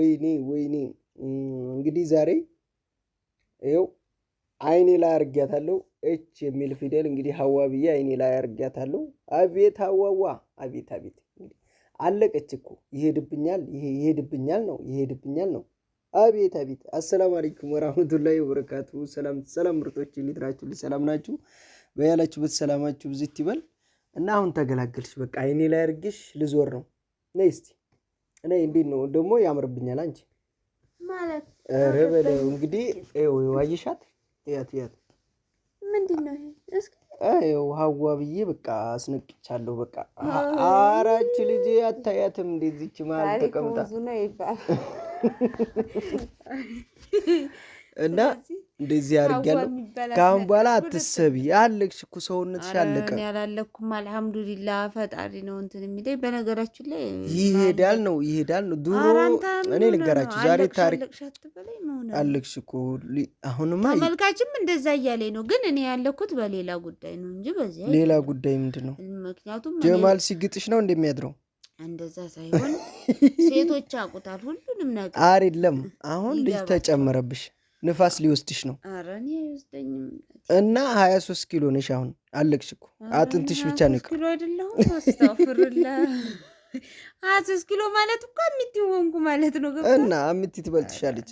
ወይኔ ወይኔ። እንግዲህ ዛሬ ይኸው አይኔ ላይ አርጊያታለሁ። እች የሚል ፊደል እንግዲህ ሀዋ ብዬ አይኔ ላይ አርጊያታለሁ። አቤት ሀዋዋ፣ አቤት አቤት። አለቀች እኮ ይሄድብኛል፣ ይሄድብኛል ነው፣ ይሄድብኛል ነው። አቤት አቤት። አሰላሙ አለይኩም ወራህመቱላሂ ወበረካቱ። ሰላም ሰላም፣ ምርጦች እንዴት ናችሁ? ሰላም ናችሁ? በያላችሁበት ሰላማችሁ ብዝት ይበል እና አሁን ተገላገልሽ። በቃ አይኔ ላይ አርግሽ ልዞር ነው። ነይ እስቲ እኔ እንዴት ነው ደግሞ ያምርብኛል። አንቺ ማለት ኧረ በለው እንግዲህ ዋይሻት ያት ያት ምንድነው? እስኪ ይኸው ሀዋ ብዬ በቃ አስነቅቻለሁ። በቃ አራች ልጅ አታያትም እንደዚች ማለት ተቀምጣ እና እንደዚህ አድርጊያለሁ። ከአሁን በኋላ አትሰቢ አለቅሽ እኮ ሰውነትሽ አለቀ። ያላለኩም አልሐምዱሊላ ፈጣሪ ነው እንትን የሚለኝ በነገራችን ላይ ይሄዳል ነው ይሄዳል ነው። ዱሮ እኔ ልንገራችሁ ዛሬ ታሪክ አለቅሽ እኮ አሁንማ ተመልካችም እንደዛ እያለኝ ነው። ግን እኔ ያለኩት በሌላ ጉዳይ ነው እንጂ በዚህ ሌላ ጉዳይ ምንድን ነው? ምክንያቱም ጀማል ሲግጥሽ ነው እንደሚያድረው እንደዛ ሳይሆን ሴቶች አቁታል ሁሉንም ነገር አይደለም። አሁን ልጅ ተጨመረብሽ ንፋስ ሊወስድሽ ነው እና ሀያ ሶስት ኪሎ ነሽ አሁን። አለቅሽ እኮ አጥንትሽ ብቻ ነው። ሀያ ሶስት ኪሎ ማለት እኮ እምቲ ሆንኩ ማለት ነው። እና እምቲ ትበልጥሻለች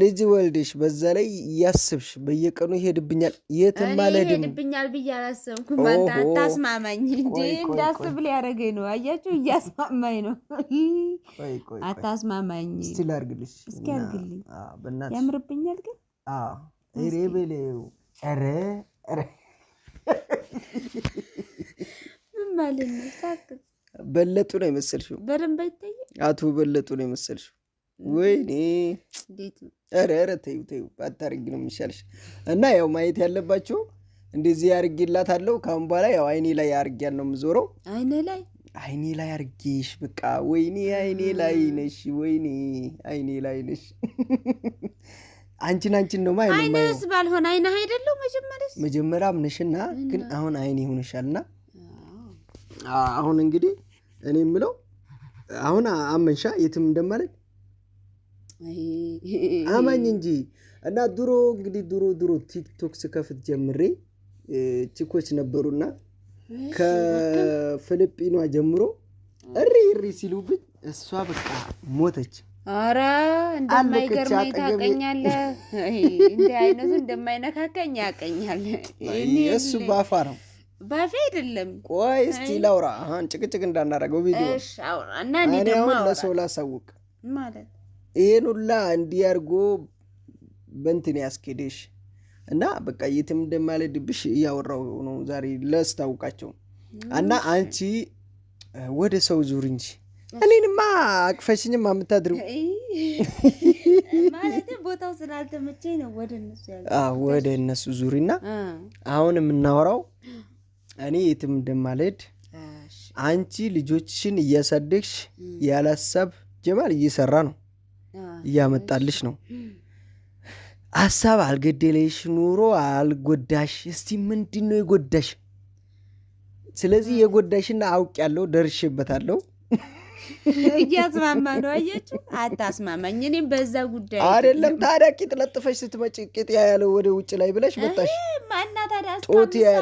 ልጅ ወልድሽ በዛ ላይ እያስብሽ በየቀኑ ይሄድብኛል፣ የትም አልሄድም ይሄድብኛል ብዬ አላሰብኩም። አታስማማኝ እንዴ እንዳስብ ሊያደርገኝ ነው። አያችሁ፣ እያስማማኝ ነው። አታስማማኝ። እስኪ ላድርግልሽ፣ እስኪ አድርግልኝ። ያምርብኛል ግን ሬቤሌው ኧረ ኧረ ምን ማለት ነው? በለጡ ነው የመሰልሽው። በደንብ አይታየም። አቶ በለጡ ነው የመሰልሽው። ወይኔ ኧረ ኧረ ተይው ተይው አታርጊ ነው የሚሻልሽ። እና ያው ማየት ያለባቸው እንደዚህ አርጌላት አለው። ከአሁን በኋላ ያው አይኔ ላይ አድርጊያት ነው የምዞረው። አይኔ ላይ አይኔ ላይ አርጌሽ በቃ ወይኔ አይኔ ላይ ነሽ፣ ወይኔ አይኔ ላይ ነሽ። አንቺን አንቺን ነው ማይ አይነስ ባልሆን አይነ አይደለው መጀመሪያ መጀመሪያ አምነሽና ግን አሁን አይኔ ሆነሻልና አሁን እንግዲህ እኔ የምለው አሁን አመንሻ የትም እንደማለት አማኝ እንጂ እና ድሮ እንግዲህ ድሮ ድሮ ቲክቶክ ስከፍት ጀምሬ ቺኮች ነበሩና ከፊልጲኗ ጀምሮ እሪ እሪ ሲሉብኝ እሷ በቃ ሞተች። አረ እንደማይገርመኝ ታቀኛለ እንዲህ አይነቱ እንደማይነካከኝ ያቀኛል። እሱ ባፋ ነው ባፌ አይደለም። ቆይ እስቲ ላውራ፣ ጭቅጭቅ እንዳናረገው ቪዲዮ እና እኔ ደግሞ ለሰው ላሳውቅ ማለት ይሄን ሁላ እንዲህ አድርጎ ያስኬደሽ እና በቃ የትም እንደማለድብሽ እያወራው ነው ዛሬ ለስታውቃቸው እና አንቺ ወደ ሰው ዙር እንጂ እኔንማ አቅፈሽኝም አምታድርም ቦታው ስላልተመቸኝ ነው ወደ እነሱ ያልኩት። ወደ እነሱ ዙሪና አሁን የምናወራው እኔ የትም እንደማልሄድ አንቺ ልጆችሽን እያሳደግሽ ያላሰብ ጀማል እየሰራ ነው እያመጣልሽ ነው። ሀሳብ አልገደለሽ፣ ኑሮ አልጎዳሽ። እስቲ ምንድን ነው የጎዳሽ? ስለዚህ የጎዳሽና አውቅ ያለው ደርሽበታለሁ። እያስማማ ነው። አያችሁ፣ አታስማማኝ። እኔም በዛ ጉዳይ አይደለም። ታዲያ ቂጥ ለጥፈሽ ስትመጪ ቂጥ ወደ ውጭ ላይ ብለሽ መጣሽ ታዲያ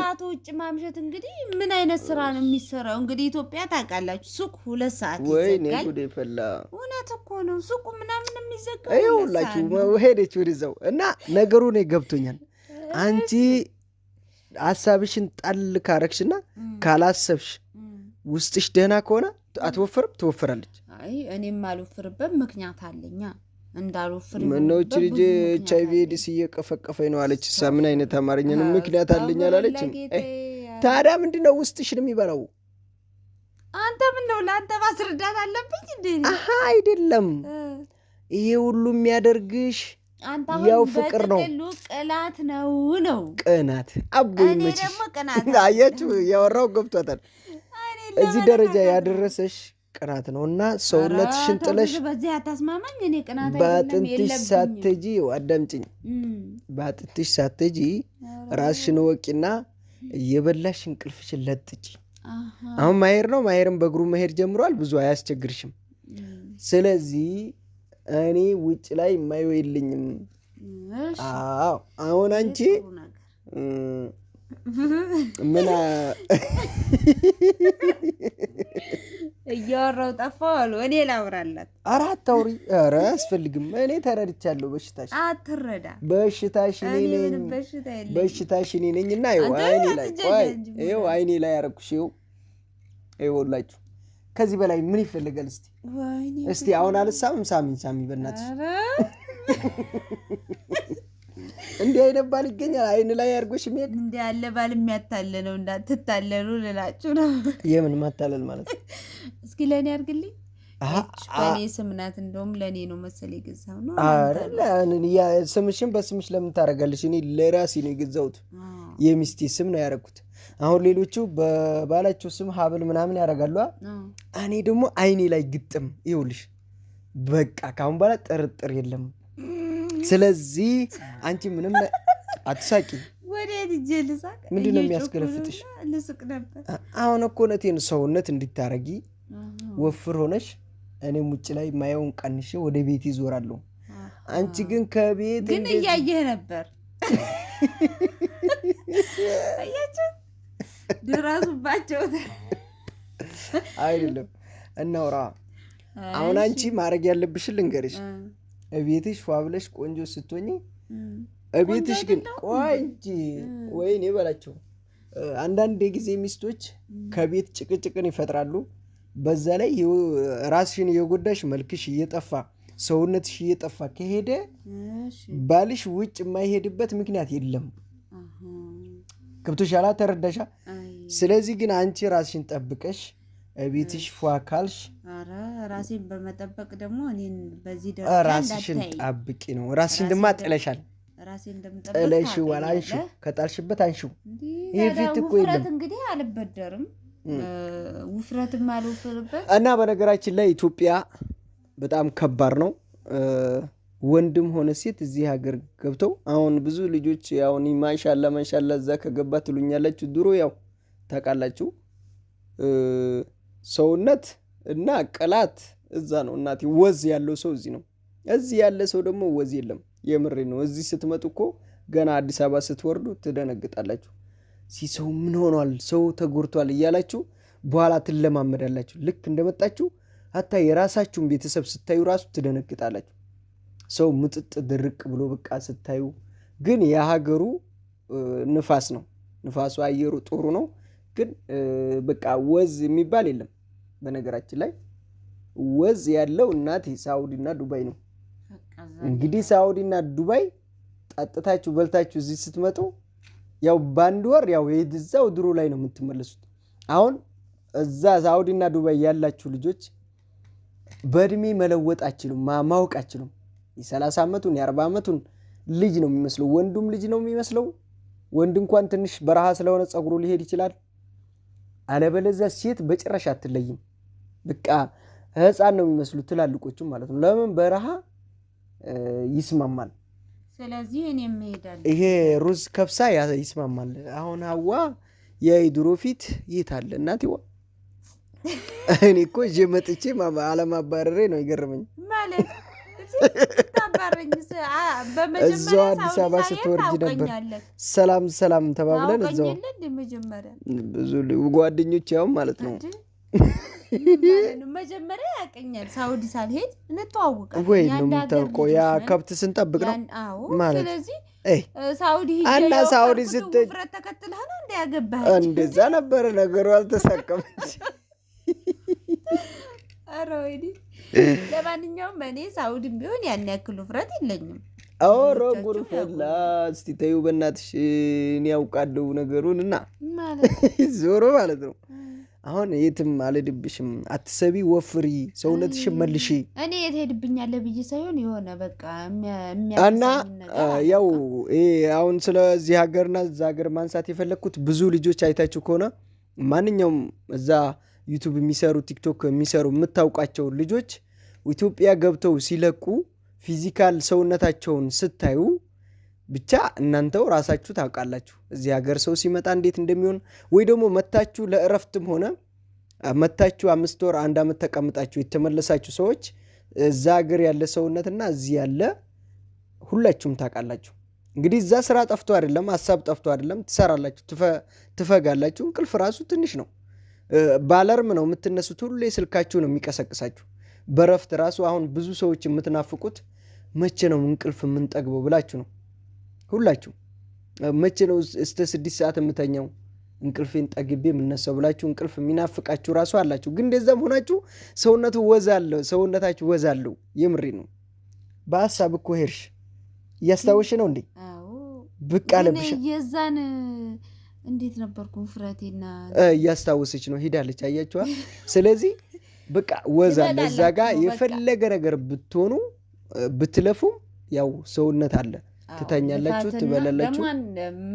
ሰዓት ውጭ ማምሸት እንግዲህ ምን አይነት ስራ ነው የሚሰራው? እንግዲህ ኢትዮጵያ ታውቃላችሁ፣ ሱቅ ሁለት ሰዓት እውነት እኮ ነው። ሱቁ ምናምን የሚዘጋው ይኸውላችሁ፣ ሄደች ወደዛው እና ነገሩ እኔ ገብቶኛል። አንቺ ሀሳብሽን ጣል ካረግሽና ካላሰብሽ ውስጥሽ ደህና ከሆነ አትወፍርም? ትወፍራለች። አይ እኔም አልወፍርበት ምክንያት አለኛ እንዳልወፍር ምነው ልጅ ኤች አይ ቪ ኤድስ እየቀፈቀፈኝ ነው አለች። እሷ ምን አይነት አማርኛ ነው? ምክንያት አለኝ አላለችም። ታዲያ ምንድን ነው ውስጥሽን የሚበላው? አንተ ምን ነው ለአንተ ማስረዳት አለብኝ እንዴ? አሀ አይደለም። ይሄ ሁሉ የሚያደርግሽ ያው ፍቅር ነው፣ ቅናት ነው ነው ቅናት አቦ ይመችሽ። አያችሁ ያወራው ገብቷታል። እዚህ ደረጃ ያደረሰሽ ቅናት ነው እና ሰውነትሽን ጥለሽ በአጥንትሽ ሳትጂ አዳምጪኝ፣ በአጥንትሽ ሳትጂ ራስሽን ወቂና እየበላሽ እንቅልፍሽን ለጥጪ። አሁን ማሄር ነው ማሄርም በእግሩ መሄድ ጀምሯል። ብዙ አያስቸግርሽም። ስለዚህ እኔ ውጭ ላይ የማይወይልኝም አሁን አንቺ ምን እያወራው ጠፋው አሉ። እኔ ላውራላት። ኧረ አታውሪ፣ ኧረ አስፈልግም። እኔ ተረድቻለሁ። በሽታሽ አትረዳ። በሽታሽ በሽታሽ እኔ ነኝ እና አይኔ ላይ ይኸው አይኔ ላይ ያረኩሽ ይኸው ይኸውላችሁ። ከዚህ በላይ ምን ይፈልጋል? እስቲ እስቲ አሁን አልሳምም። ሳሚኝ፣ ሳሚ በእናትሽ እንዲህ አይነት ባል ይገኛል? አይን ላይ አድርጎሽ የሚሄድ እንዲህ ያለ ባል ነው እንዳትታለሉ ልላችሁ ነው። የምን ማታለል ማለት እስኪ ለእኔ አድርግልኝ በእኔ ስም ናት። እንደውም ለእኔ ነው መሰል የገዛው ነው። ስምሽን በስምሽ ለምን ታደርጋለሽ? እኔ ለራሴ ነው የገዛሁት። የሚስቴ ስም ነው ያደረኩት። አሁን ሌሎቹ በባላቸው ስም ሀብል ምናምን ያደርጋሉ። እኔ ደግሞ አይኔ ላይ ግጥም ይውልሽ። በቃ ከአሁን በኋላ ጥርጥር የለም። ስለዚህ አንቺ ምንም አትሳቂ። ምንድን ነው የሚያስገለፍጥሽ? አሁን እኮ እውነቴን ሰውነት እንድታረጊ ወፍር ሆነሽ እኔም ውጭ ላይ ማየውን ቀንሼ ወደ ቤት ይዞራለሁ። አንቺ ግን ከቤት ግን እያየህ ነበር። ድረሱባቸው። አይደለም እናውራ። አሁን አንቺ ማድረግ ያለብሽን ልንገርሽ እቤትሽ ፏ ብለሽ ቆንጆ ስትሆኝ እቤትሽ ግን ቆንጂ ወይኔ በላቸው። አንዳንድ የጊዜ ሚስቶች ከቤት ጭቅጭቅን ይፈጥራሉ። በዛ ላይ ራስሽን እየጎዳሽ መልክሽ እየጠፋ ሰውነትሽ እየጠፋ ከሄደ ባልሽ ውጭ የማይሄድበት ምክንያት የለም። ገብቶሻላ? ተረዳሻ? ስለዚህ ግን አንቺ ራስሽን ጠብቀሽ እቤትሽ ፏ ካልሽ ራሴን በመጠበቅ ደግሞ እኔን በዚህ ደረጃ ራስሽን ጣብቂ ነው። ራስሽን ድማ ጥለሻል። ጥለሽዋል። አንሺው፣ ከጣልሽበት አንሺው። ይህ ፊት እኮ የለም እንግዲህ አልበደርም፣ ውፍረትም አልውፍርበት እና በነገራችን ላይ ኢትዮጵያ በጣም ከባድ ነው። ወንድም ሆነ ሴት እዚህ ሀገር ገብተው አሁን ብዙ ልጆች አሁን ማንሻላ ማንሻላ እዛ ከገባ ትሉኛላችሁ። ድሮ ያው ታውቃላችሁ ሰውነት እና ቅላት እዛ ነው እናቴ። ወዝ ያለው ሰው እዚህ ነው። እዚህ ያለ ሰው ደግሞ ወዝ የለም። የምሬ ነው። እዚህ ስትመጡ እኮ ገና አዲስ አበባ ስትወርዱ ትደነግጣላችሁ። ሲ ሰው ምን ሆኗል፣ ሰው ተጎድቷል እያላችሁ በኋላ ትለማመዳላችሁ። ልክ እንደመጣችሁ አታ የራሳችሁን ቤተሰብ ስታዩ ራሱ ትደነግጣላችሁ። ሰው ምጥጥ ድርቅ ብሎ በቃ ስታዩ ግን የሀገሩ ንፋስ ነው። ንፋሱ አየሩ ጥሩ ነው፣ ግን በቃ ወዝ የሚባል የለም። በነገራችን ላይ ወዝ ያለው እናት ሳውዲና ዱባይ ነው። እንግዲህ እና ዱባይ ጠጥታችሁ በልታችሁ እዚህ ስትመጡ ያው በአንድ ወር ያው የድዛው ድሮ ላይ ነው የምትመለሱት። አሁን እዛ እና ዱባይ ያላችሁ ልጆች በእድሜ መለወጥ አችሉም ማወቅ አችሉም። የሰላሳ ዓመቱን የአርባ ዓመቱን ልጅ ነው የሚመስለው። ወንዱም ልጅ ነው የሚመስለው። ወንድ እንኳን ትንሽ በረሃ ስለሆነ ጸጉሩ ሊሄድ ይችላል። አለበለዚያ ሴት በጭራሽ አትለይም። በቃ ህፃን ነው የሚመስሉት ትላልቆቹም ማለት ነው። ለምን በረሃ ይስማማል። ስለዚህ ይሄ ሩዝ ከብሳ ይስማማል። አሁን ሀዋ የድሮ ፊት የት አለ እናቴዋ? እኔ እኮ ይዤ መጥቼ አለማባረሬ ነው የገረመኝ። ማለት እዛው አዲስ አበባ ስትወርጅ ነበር ሰላም ሰላም ተባብለን እዛው ብዙ ጓደኞች ያውም ማለት ነው መጀመሪያ ያቀኛል ሳውዲ ሳልሄድ እንተዋወቃለን። ወይ ነው የምታውቀው ያ ከብት ስንጠብቅ ነው ማለት ስለዚህ ሳውዲ እና ሳውዲ ስትፍረት ተከትልህና እንደ ያገባህ እንደዛ ነበረ ነገሩ። አልተሳቀመች። ኧረ ወይኔ። ለማንኛውም እኔ ሳውዲም ቢሆን ያን ያክል ውፍረት የለኝም። አወሮ ጉርፈላ እስቲ ተይው በእናትሽ። እኔ ያውቃለሁ ነገሩን እና ዞሮ ማለት ነው አሁን የትም አልሄድብሽም፣ አትሰቢ፣ ወፍሪ፣ ሰውነትሽ መልሽ። እኔ የት ሄድብኛለ ብዬ ሳይሆን የሆነ በቃ እና ያው ይሄ አሁን ስለዚህ ሀገርና እዛ ሀገር ማንሳት የፈለግኩት ብዙ ልጆች አይታችሁ ከሆነ ማንኛውም እዛ ዩቱብ የሚሰሩ ቲክቶክ የሚሰሩ የምታውቋቸው ልጆች ኢትዮጵያ ገብተው ሲለቁ ፊዚካል ሰውነታቸውን ስታዩ ብቻ እናንተው ራሳችሁ ታውቃላችሁ። እዚህ ሀገር ሰው ሲመጣ እንዴት እንደሚሆን ወይ ደግሞ መታችሁ ለእረፍትም ሆነ መታችሁ አምስት ወር አንድ ዓመት ተቀምጣችሁ የተመለሳችሁ ሰዎች እዛ ሀገር ያለ ሰውነትና እዚህ ያለ ሁላችሁም ታውቃላችሁ። እንግዲህ እዛ ስራ ጠፍቶ አይደለም፣ ሀሳብ ጠፍቶ አይደለም። ትሰራላችሁ፣ ትፈጋላችሁ። እንቅልፍ ራሱ ትንሽ ነው። ባለርም ነው የምትነሱት። ሁሌ ስልካችሁ ነው የሚቀሰቅሳችሁ። በእረፍት ራሱ አሁን ብዙ ሰዎች የምትናፍቁት መቼ ነው እንቅልፍ የምንጠግበው ብላችሁ ነው። ሁላችሁ መቼ ነው እስተ ስድስት ሰዓት የምተኛው እንቅልፌን ጠግቤ የምነሳው ብላችሁ እንቅልፍ የሚናፍቃችሁ ራሱ አላችሁ። ግን እንደዛም ሆናችሁ ሰውነቱ ወዛለሁ ሰውነታችሁ ወዝ የምሬ ነው። በሀሳብ እኮ ሄድሽ። እያስታወሽ ነው እንዴ? ብቅ አለብሽ። የዛን እንዴት ነበርኩ እያስታወሰች ነው ሄዳለች። አያችኋል? ስለዚህ በቃ ወዝ እዛ ጋ የፈለገ ነገር ብትሆኑ ብትለፉም ያው ሰውነት አለ ትተኛለችሁ፣ ትበላለችሁ።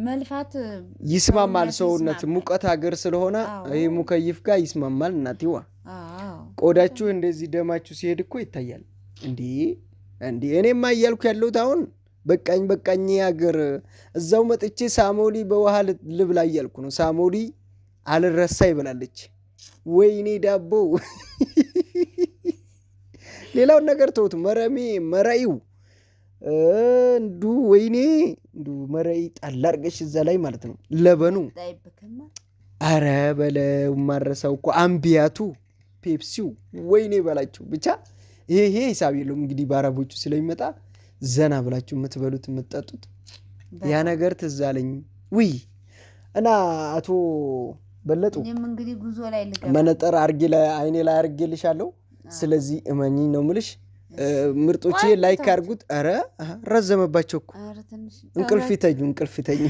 መልፋት ይስማማል። ሰውነት ሙቀት ሀገር ስለሆነ ይህ ሙከይፍ ጋር ይስማማል። እናትዋ ቆዳችሁ እንደዚህ ደማችሁ ሲሄድ እኮ ይታያል። እንዲህ እንዲህ እኔማ እያልኩ ያለሁት አሁን በቃኝ በቃኝ ሀገር እዛው መጥቼ ሳሞሊ በውሃ ልብላ እያልኩ ነው። ሳሞሊ አልረሳ ይብላለች። ወይኔ ዳቦ ሌላውን ነገር ተውት። መረሜ መራይው እንዱ ወይኔ እንዱ መረይ ጣል አድርገሽ እዛ ላይ ማለት ነው ለበኑ። አረ በለው ማረሰው እኮ አምቢያቱ ፔፕሲው ወይኔ በላችሁ። ብቻ ይሄ ይሄ ሂሳብ የለውም እንግዲህ በአረቦቹ ስለሚመጣ ዘና ብላችሁ የምትበሉት የምትጠጡት ያ ነገር ትዝ አለኝ። ውይ እና አቶ በለጡ መነጠር አርጌ አይኔ ላይ አርጌልሻለሁ። ስለዚህ እመኝኝ ነው ምልሽ ምርጦቼ ላይክ አድርጉት። ኧረ ረዘመባቸው እኮ እንቅልፍ ይተኙ እንቅልፍ ይተኙ።